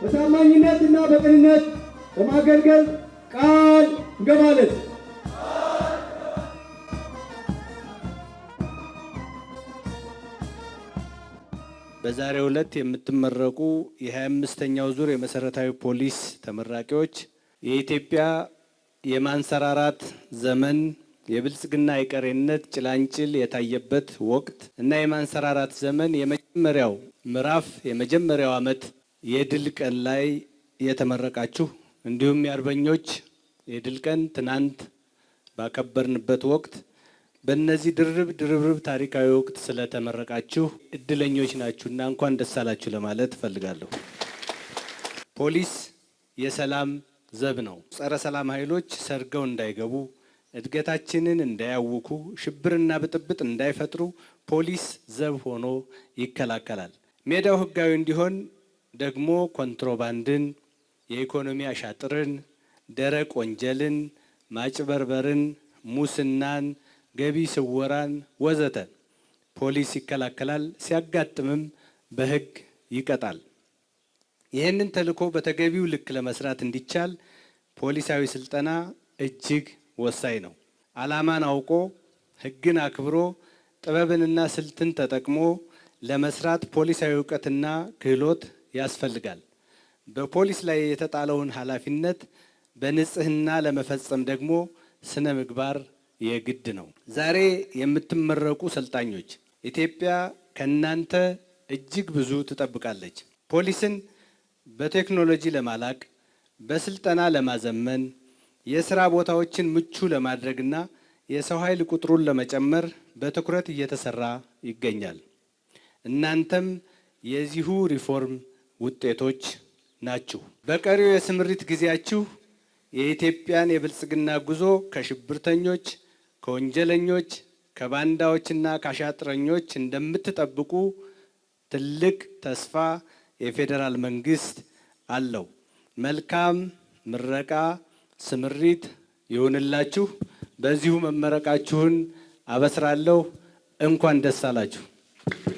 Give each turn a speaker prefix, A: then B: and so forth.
A: በታማኝነትና በቅንነት በማገልገል ቃል እንገባለን።
B: በዛሬ ዕለት የምትመረቁ የ25ኛው ዙር የመሰረታዊ ፖሊስ ተመራቂዎች የኢትዮጵያ የማንሰራራት ዘመን የብልጽግና የቀሬነት ጭላንጭል የታየበት ወቅት እና የማንሰራራት ዘመን የመጀመሪያው ምዕራፍ የመጀመሪያው ዓመት የድል ቀን ላይ የተመረቃችሁ እንዲሁም የአርበኞች የድል ቀን ትናንት ባከበርንበት ወቅት በእነዚህ ድርብ ድርብርብ ታሪካዊ ወቅት ስለተመረቃችሁ እድለኞች ናችሁ እና እንኳን ደስ አላችሁ ለማለት እፈልጋለሁ። ፖሊስ የሰላም ዘብ ነው። ጸረ ሰላም ኃይሎች ሰርገው እንዳይገቡ፣ እድገታችንን እንዳያውኩ፣ ሽብርና ብጥብጥ እንዳይፈጥሩ ፖሊስ ዘብ ሆኖ ይከላከላል። ሜዳው ህጋዊ እንዲሆን ደግሞ ኮንትሮባንድን፣ የኢኮኖሚ አሻጥርን፣ ደረቅ ወንጀልን፣ ማጭበርበርን፣ ሙስናን፣ ገቢ ስወራን ወዘተ ፖሊስ ይከላከላል፣ ሲያጋጥምም በህግ ይቀጣል። ይህንን ተልዕኮ በተገቢው ልክ ለመስራት እንዲቻል ፖሊሳዊ ስልጠና እጅግ ወሳኝ ነው። ዓላማን አውቆ ህግን አክብሮ ጥበብንና ስልትን ተጠቅሞ ለመስራት ፖሊሳዊ እውቀትና ክህሎት ያስፈልጋል። በፖሊስ ላይ የተጣለውን ኃላፊነት በንጽህና ለመፈጸም ደግሞ ስነ ምግባር የግድ ነው። ዛሬ የምትመረቁ ሰልጣኞች ኢትዮጵያ ከእናንተ እጅግ ብዙ ትጠብቃለች። ፖሊስን በቴክኖሎጂ ለማላቅ፣ በስልጠና ለማዘመን፣ የስራ ቦታዎችን ምቹ ለማድረግና የሰው ኃይል ቁጥሩን ለመጨመር በትኩረት እየተሰራ ይገኛል። እናንተም የዚሁ ሪፎርም ውጤቶች ናችሁ። በቀሪው የስምሪት ጊዜያችሁ የኢትዮጵያን የብልጽግና ጉዞ ከሽብርተኞች፣ ከወንጀለኞች፣ ከባንዳዎችና ከአሻጥረኞች እንደምትጠብቁ ትልቅ ተስፋ የፌዴራል መንግስት አለው። መልካም ምረቃ ስምሪት ይሁንላችሁ። በዚሁ መመረቃችሁን አበስራለሁ። እንኳን ደስ አላችሁ።